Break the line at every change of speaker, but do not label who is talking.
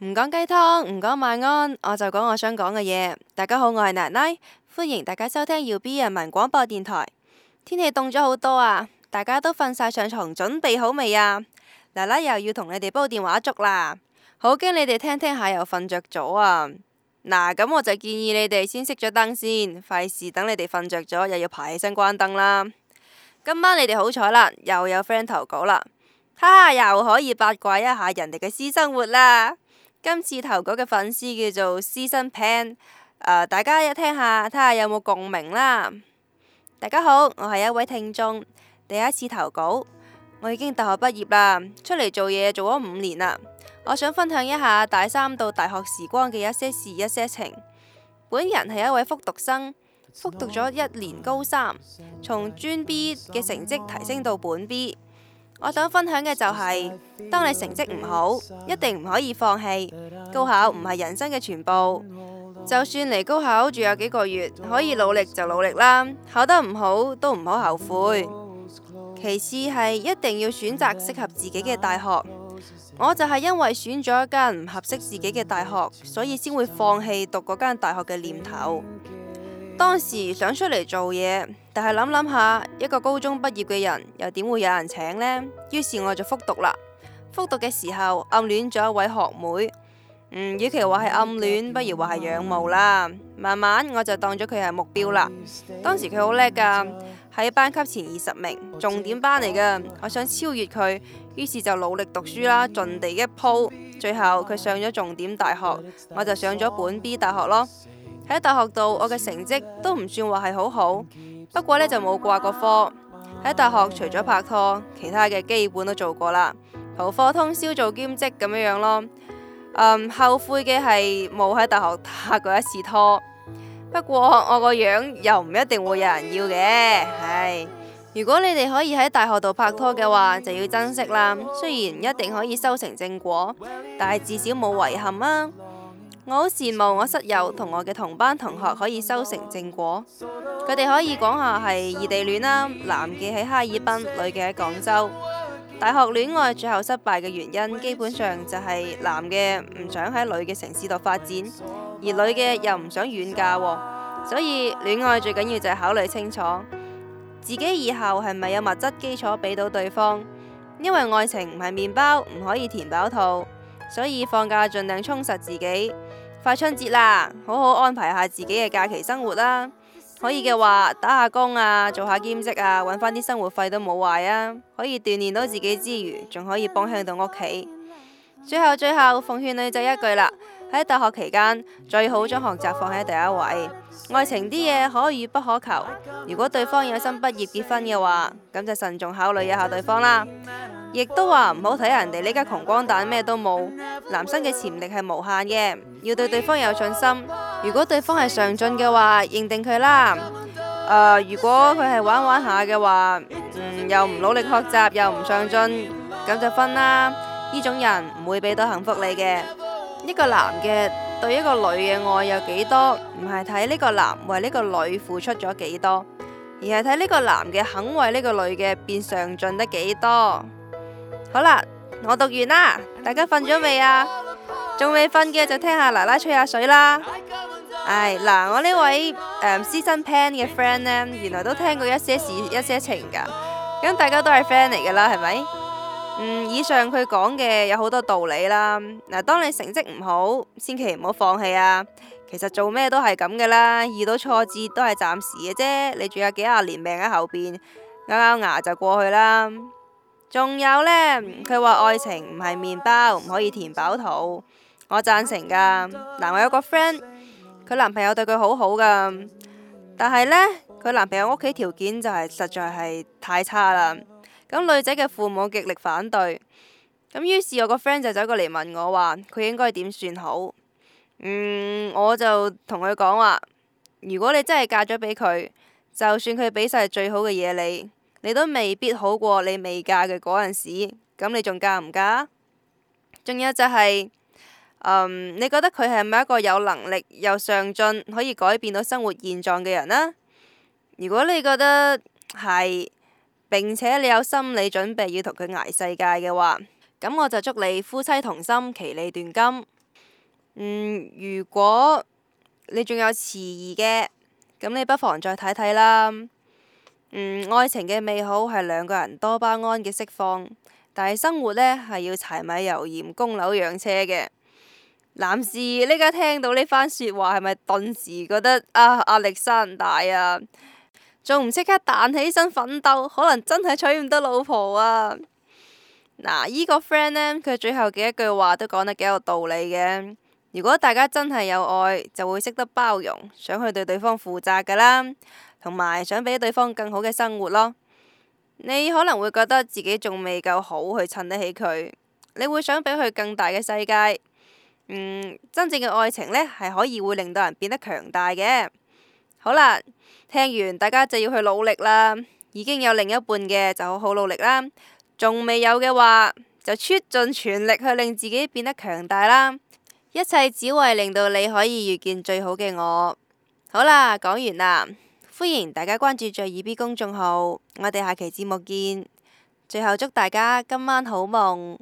唔講雞湯，唔講晚安，我就講我想講嘅嘢。大家好，我係奶奶，歡迎大家收聽耀 B 人民廣播電台。天氣凍咗好多啊，大家都瞓晒上床，準備好未啊？奶奶又要同你哋煲電話粥啦，好驚你哋聽聽下又瞓着咗啊！嗱，咁我就建議你哋先熄咗燈先，費事等你哋瞓着咗又要爬起身關燈啦。今晚你哋好彩啦，又有 friend 投稿啦，哈、啊、哈，又可以八卦一下人哋嘅私生活啦。今次投稿嘅粉絲叫做 season pan，啊，大家一聽下，睇下有冇共鳴啦！大家好，我係一位聽眾，第一次投稿，我已經大學畢業啦，出嚟做嘢做咗五年啦。我想分享一下大三到大學時光嘅一些事、一些情。本人係一位復讀生，復讀咗一年高三，從專 B 嘅成績提升到本 B。我想分享嘅就係，當你成績唔好，一定唔可以放棄。高考唔係人生嘅全部，就算離高考仲有幾個月，可以努力就努力啦。考得唔好都唔好後悔。其次係一定要選擇適合自己嘅大學。我就係因為選咗一間唔合適自己嘅大學，所以先會放棄讀嗰間大學嘅念頭。當時想出嚟做嘢，但係諗諗下，一個高中畢業嘅人又點會有人請呢？於是我就復讀啦。復讀嘅時候暗戀咗一位學妹，嗯，與其話係暗戀，不如話係仰慕啦。慢慢我就當咗佢係目標啦。當時佢好叻噶，喺班級前二十名，重點班嚟噶。我想超越佢，於是就努力讀書啦，盡地一鋪。最後佢上咗重點大學，我就上咗本 B 大學咯。喺大學度，我嘅成績都唔算話係好好，不過呢，就冇掛過科。喺大學除咗拍拖，其他嘅基本都做過啦，逃課、通宵做兼職咁樣樣咯。嗯，後悔嘅係冇喺大學拍過一次拖。不過我個樣又唔一定會有人要嘅。唉，如果你哋可以喺大學度拍拖嘅話，就要珍惜啦。雖然唔一定可以收成正果，但係至少冇遺憾啊。我好羨慕我室友同我嘅同班同學可以修成正果，佢哋可以講下係異地戀啦。男嘅喺哈爾濱，女嘅喺廣州。大學戀愛最後失敗嘅原因，基本上就係男嘅唔想喺女嘅城市度發展，而女嘅又唔想遠嫁，所以戀愛最緊要就係考慮清楚自己以後係咪有物質基礎俾到對方。因為愛情唔係麵包，唔可以填飽肚，所以放假盡量充實自己。快春節啦，好好安排下自己嘅假期生活啦。可以嘅話，打下工啊，做下兼職啊，搵翻啲生活費都冇壞啊。可以鍛煉到自己之餘，仲可以幫向到屋企。最後最後奉勸女仔一句啦，喺大學期間最好將學習放喺第一位。愛情啲嘢可遇不可求，如果對方有心畢業結婚嘅話，咁就慎重考慮一下對方啦。亦都話唔好睇人哋呢家窮光蛋咩都冇。男生嘅潛力係無限嘅，要對對方有信心。如果對方係上進嘅話，認定佢啦。誒、呃，如果佢係玩玩下嘅話，嗯，又唔努力學習，又唔上進，咁就分啦。呢種人唔會俾到幸福你嘅。一個男嘅對一個女嘅愛有幾多，唔係睇呢個男為呢個女付出咗幾多，而係睇呢個男嘅肯為呢個女嘅變上進得幾多。好啦，我讀完啦，大家瞓咗未啊？仲未瞓嘅就聽下奶奶吹下水啦。唉、哎，嗱，我呢位誒、呃、season pan 嘅 friend 呢，原來都聽過一些事、一些情噶。咁大家都係 friend 嚟噶啦，係咪？嗯，以上佢講嘅有好多道理啦。嗱，當你成績唔好，千祈唔好放棄啊。其實做咩都係咁噶啦，遇到挫折都係暫時嘅啫。你仲有幾廿年命喺後邊，咬咬牙就過去啦。仲有呢，佢話愛情唔係麵包，唔可以填飽肚，我贊成噶。嗱，我有個 friend，佢男朋友對佢好好噶，但係呢，佢男朋友屋企條件就係實在係太差啦。咁女仔嘅父母極力反對，咁於是我個 friend 就走過嚟問我話，佢應該點算好？嗯，我就同佢講話，如果你真係嫁咗俾佢，就算佢俾晒最好嘅嘢你。你都未必好過你未嫁嘅嗰陣時，咁你仲嫁唔嫁？仲有就係，嗯，你覺得佢係咪一個有能力又上進，可以改變到生活現狀嘅人呢？如果你覺得係，並且你有心理準備要同佢捱世界嘅話，咁我就祝你夫妻同心，其利斷金。嗯，如果你仲有遲疑嘅，咁你不妨再睇睇啦。嗯，愛情嘅美好係兩個人多巴胺嘅釋放，但係生活呢，係要柴米油鹽供樓養車嘅。男士呢家聽到呢番説話，係咪頓時覺得啊壓力山大啊？仲唔即刻彈起身奮鬥？可能真係娶唔得老婆啊！嗱、啊，依個 friend 呢，佢最後嘅一句話都講得幾有道理嘅。如果大家真係有愛，就會識得包容，想去對對方負責㗎啦。同埋想俾對方更好嘅生活咯。你可能會覺得自己仲未夠好去襯得起佢，你會想俾佢更大嘅世界。嗯，真正嘅愛情呢，係可以會令到人變得強大嘅。好啦，聽完大家就要去努力啦。已經有另一半嘅就好好努力啦。仲未有嘅話就出盡全力去令自己變得強大啦。一切只為令到你可以遇見最好嘅我。好啦，講完啦。歡迎大家關注在耳 B 公眾號，我哋下期節目見。最後祝大家今晚好夢。